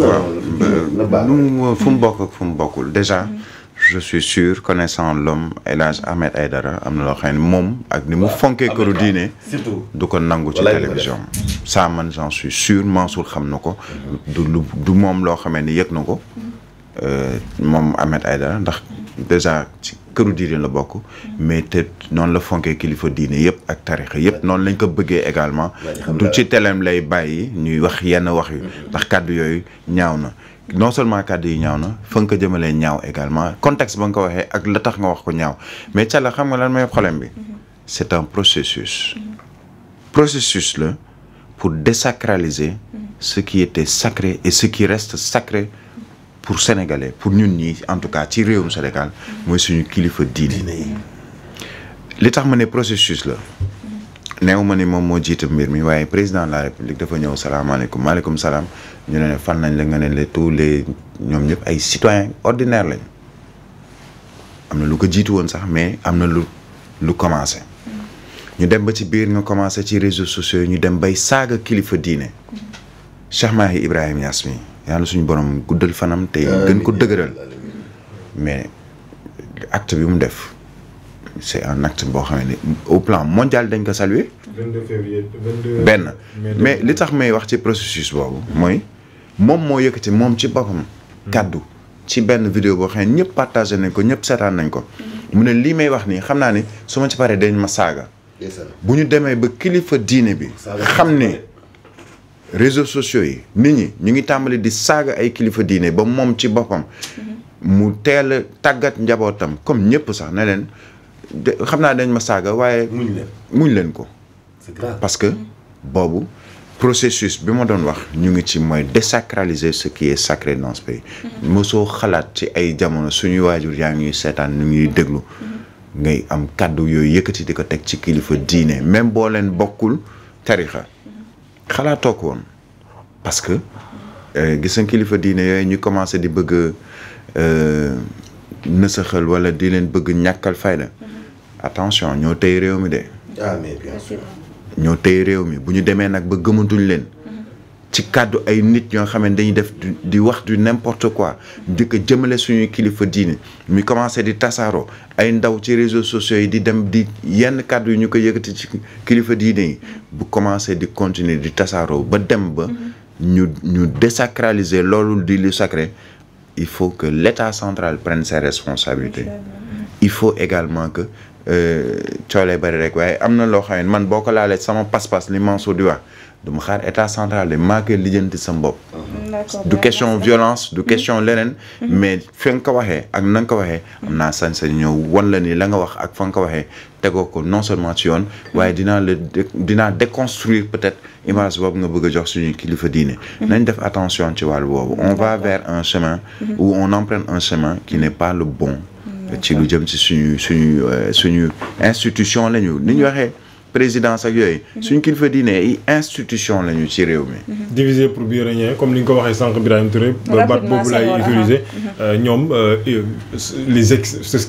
waaw euh, euh, fu mu bokk fu mu bokkul déjà je suis sûr connaissant l'homme El Hadj Ahmed Aïdara am na loo xam ne moom ak ni mu fonkee këru diine surtout du ko nangu ci télévision ça man j'en suis sûr Mansour xam na ko du lu moom loo xamee ni yëg na ko euh, moom Ahmed Aïdara ndax déjà ci këru diine la bokk. mais te noonu la fonkee kilifa diine yëpp ak tarixa yëpp noonu lañ ko bëggee également. du ci teleem lay bàyyi ñuy wax yenn wax yu. Mm-hmm. ndax kàddu yooyu ñaaw na. non seulement kàddu yi ñaaw na fa nga ko jëmalee ñaaw également contexte ba nga ko waxee ak la tax nga wax ko ñaaw mais ca la xam nga lan mooy problème bi. Mm-hmm. c'est un processus. Mm-hmm. processus la pour désacraliser. ce qui était sacré et ce qui reste sacré. pour sénégalais pour ñun ñi en tout cas ci réewum Sénégal mooy suñu kilifa diine yi li tax ma ne processus la neew ma ni moom moo jiite mbir mi waaye président de la république dafa ñëw salaamaaleykum maaleykum salaam ñu ne ne fal nañ la nga ne le tous les ñoom ñëpp ay citoyens ordinaires lañ am na lu ko jiitu woon sax mais am na lu lu commencé ñu dem ba ci biir nga commencé ci réseaux sociaux ñu dem bay saaga kilifa diine Cheikh Mahi Ibrahima Niass mi yàlla suñu borom guddal fanam te gën ko dëgëral mais acte bi mu def c' est un acte boo xam ne au plan mondial dañ ko saluer. benn mais li tax may wax ci processus boobu. mooy moom moo ci moom ci boppam. Hmm. kàddu ci benn video boo xam ne ñëpp partagé nañ ko ñëpp seetaan nañ ko. Hmm. mu ne lii may wax nii xam naa ne su ma ci paree dañ ma saaga. bu ñu demee ba kilifa diine bi. xam ne. réseau sociaux yi nit ñi ñu ngi tàmbali di saaga ay kilifa diine ba moom ci boppam mm-hmm. mu teel a tàggat njabootam comme ñëpp sax ne leen xam naa dañ ma saaga waaye muñ leen leen ko parce que boobu processus bi ma doon wax ñu ngi ci mooy désacraliser ce qui est sacré dans ce pays mm-hmm. mosoo xalaat ci ay jamono suñuy waajur yaa ngi seetaan ñu ngi déglu mm-hmm. ngay am kàddu yooyu yëkkati di ko teg ci kilifa diine même boo leen bokkul tarixa xalaatoo ko woon parce que euh, gis nga kilifa diine yooyu ñu commencé di bëgg euh, nësaxal wala di leen bëgg ñàkkal fayda mm-hmm. attention ñoo tey réew mi de. Ah, ñoo tey réew mi bu ñu demee nag ba gëmantuñ leen. ci kàddu ay nit ñoo xam ne dañuy def di wax du n'importe quoi jëkk ko jëmale suñuy kilifa diini mi commencé di tasaaroo ay ndaw ci réseaux sociaux yi di dem di yenn kàddu yi ñu ko yëkkati ci kilifa diini yi bu commencé di continuer di tasaaroo ba dem ba mm-hmm. ñu ñu désacraliser loolu di lu sacré il faut que l'État central prenne ses responsabilités il faut également que Euh, coolee bari rek waaye am na loo xam ne man boo ko laalee sama pas-pas li Mansour di wax du ma xaar état central de maa koy lijjanti sama bopp. du question violence du mm-hmm. question leneen. Mm-hmm. mais fi nga ko waxee ak na nga ko waxee. am naa sañ-sañ ñëw wan la ni la nga wax ak fa nga ko waxee tegoo ko non seulement ci yoon. Mm-hmm. waaye dinaa la dinaa déconstruire peut-être image boobu nga bëgg a jox suñ kilifa diine. nañ def attention ci wàllu boobu on va vers un chemin. où on emprunte un chemin qui n'est ci lu jëm ci suñu suñu euh, suñu institution la ñu ni ñu waxee présidence ak yooyu. Mhm. suñu kilifa diine yi institution la ci réew mi. Mhm. diviser pour mieux régner comme ni nga ko waxee sànq Birahim Touré. rapidement baat boobu laay utiliser mhm. euh, ñoom euh, les